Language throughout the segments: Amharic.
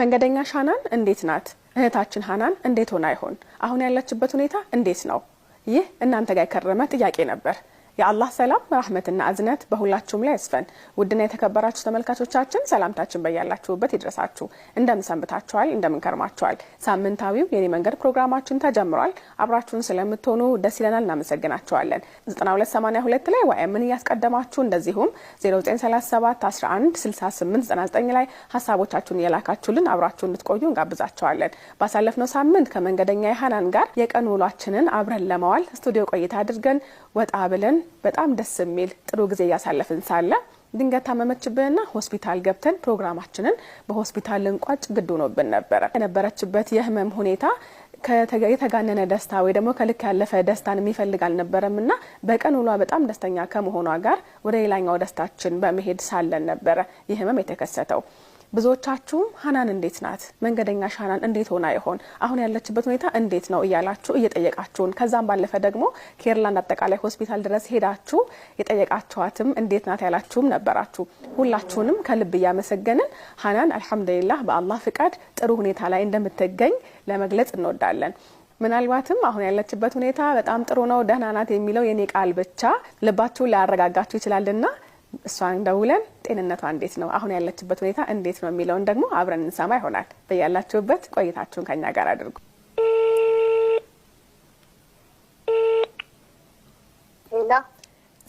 መንገደኛ ሻናን እንዴት ናት? እህታችን ሃናን እንዴት ሆና ይሆን? አሁን ያለችበት ሁኔታ እንዴት ነው? ይህ እናንተ ጋር የከረመ ጥያቄ ነበር። የአላህ ሰላም ረህመትና እዝነት በሁላችሁም ላይ ያስፈን። ውድና የተከበራችሁ ተመልካቾቻችን ሰላምታችን በያላችሁበት ይድረሳችሁ። እንደምንሰንብታችኋል? እንደምንከርማችኋል? ሳምንታዊው የኔ መንገድ ፕሮግራማችን ተጀምሯል። አብራችሁን ስለምትሆኑ ደስ ይለናል፣ እናመሰግናችኋለን። 9282 ላይ ዋይምን እያስቀደማችሁ እንደዚሁም 0937 11 ላይ ሀሳቦቻችሁን እየላካችሁልን አብራችሁ እንድትቆዩ እንጋብዛቸዋለን። ባሳለፍነው ሳምንት ከመንገደኛ የሀናን ጋር የቀን ውሏችንን አብረን ለመዋል ስቱዲዮ ቆይታ አድርገን ወጣ ብለን በጣም ደስ የሚል ጥሩ ጊዜ እያሳለፍን ሳለ ድንገት ታመመችብንና ሆስፒታል ገብተን ፕሮግራማችንን በሆስፒታል ልንቋጭ ግድ ሆኖብን ነበረ። የነበረችበት የህመም ሁኔታ የተጋነነ ደስታ ወይ ደግሞ ከልክ ያለፈ ደስታን የሚፈልግ አልነበረም እና በቀን ውሏ በጣም ደስተኛ ከመሆኗ ጋር ወደ ሌላኛው ደስታችን በመሄድ ሳለን ነበረ ይህ ህመም የተከሰተው። ብዙዎቻችሁም ሀናን እንዴት ናት፣ መንገደኛሽ ሀናን እንዴት ሆና ይሆን፣ አሁን ያለችበት ሁኔታ እንዴት ነው እያላችሁ እየጠየቃችሁን ከዛም ባለፈ ደግሞ ኬርላንድ አጠቃላይ ሆስፒታል ድረስ ሄዳችሁ የጠየቃችኋትም እንዴት ናት ያላችሁም ነበራችሁ። ሁላችሁንም ከልብ እያመሰገንን ሀናን አልሐምዱሊላህ በአላህ ፍቃድ ጥሩ ሁኔታ ላይ እንደምትገኝ ለመግለጽ እንወዳለን። ምናልባትም አሁን ያለችበት ሁኔታ በጣም ጥሩ ነው፣ ደህና ናት የሚለው የኔ ቃል ብቻ ልባችሁን ሊያረጋጋችሁ ይችላልና እሷን ደውለን ጤንነቷ እንዴት ነው፣ አሁን ያለችበት ሁኔታ እንዴት ነው የሚለውን ደግሞ አብረን እንሰማ ይሆናል። በያላችሁበት ቆይታችሁን ከኛ ጋር አድርጉ።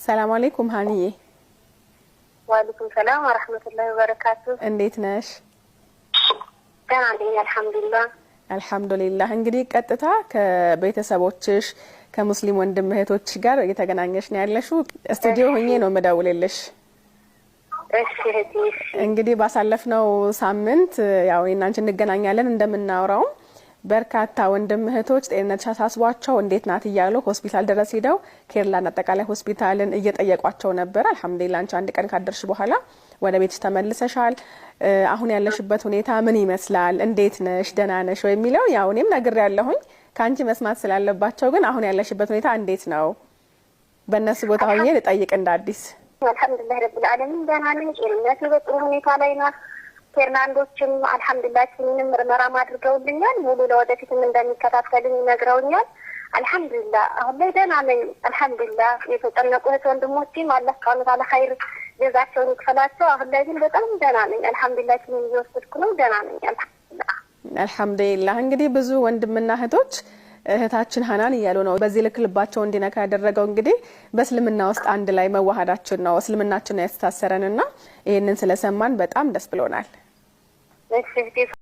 ሰላም አሌይኩም ሀኒዬ። ዋአለይኩም ሰላም ወረህመቱላሂ ወበረካቱ። እንዴት ነሽ? ደህና ነኝ አልሐምዱሊላህ። አልሐምዱሊላህ እንግዲህ ቀጥታ ከቤተሰቦችሽ ከሙስሊም ወንድም እህቶች ጋር እየተገናኘሽ ነው ያለሽው። ስቱዲዮ ሆኜ ነው መደውልልሽ። እንግዲህ ባሳለፍነው ሳምንት ያው እናንቺ እንገናኛለን እንደምናወራውም በርካታ ወንድም እህቶች ጤንነት አሳስቧቸው እንዴት ናት እያሉ ሆስፒታል ድረስ ሄደው ኬርላን አጠቃላይ ሆስፒታልን እየጠየቋቸው ነበር። አልሐምዱሊላህ አንቺ አንድ ቀን ካደርሽ በኋላ ወደ ቤትሽ ተመልሰሻል። አሁን ያለሽበት ሁኔታ ምን ይመስላል? እንዴት ነሽ? ደህና ነሽ ወይ የሚለው ያው እኔም ነግር ያለሁኝ ከአንቺ መስማት ስላለባቸው፣ ግን አሁን ያለሽበት ሁኔታ እንዴት ነው? በእነሱ ቦታ ሆኜ ልጠይቅ እንደ አዲስ። አልሐምዱሊላህ ረብል ደህና ነኝ። በጥሩ ሁኔታ ላይ ነው ፌርናንዶችም አልሐምዱላ ስኒንም ምርመራም አድርገውልኛል። ሙሉ ለወደፊትም እንደሚከታተልኝ ይነግረውኛል። አልሐምዱላ አሁን ላይ ደህና ነኝ። አልሐምዱላ የተጨነቁ እህት ወንድሞቼም አላህ ቃኑ ባለ ኸይር ጀዛቸውን ይክፈላቸው። አሁን ላይ ግን በጣም ደህና ነኝ። አልሐምዱላ ስኒን እየወሰድኩ ነው። ደህና ነኝ። አልሐምዱላ አልሐምዱሊላህ። እንግዲህ ብዙ ወንድምና እህቶች እህታችን ሀናን እያሉ ነው። በዚህ ልክ ልባቸው እንዲነካ ያደረገው እንግዲህ በእስልምና ውስጥ አንድ ላይ መዋሃዳችን ነው። እስልምናችን ነው ያስተሳሰረን እና ይህንን ስለሰማን በጣም ደስ ብሎናል።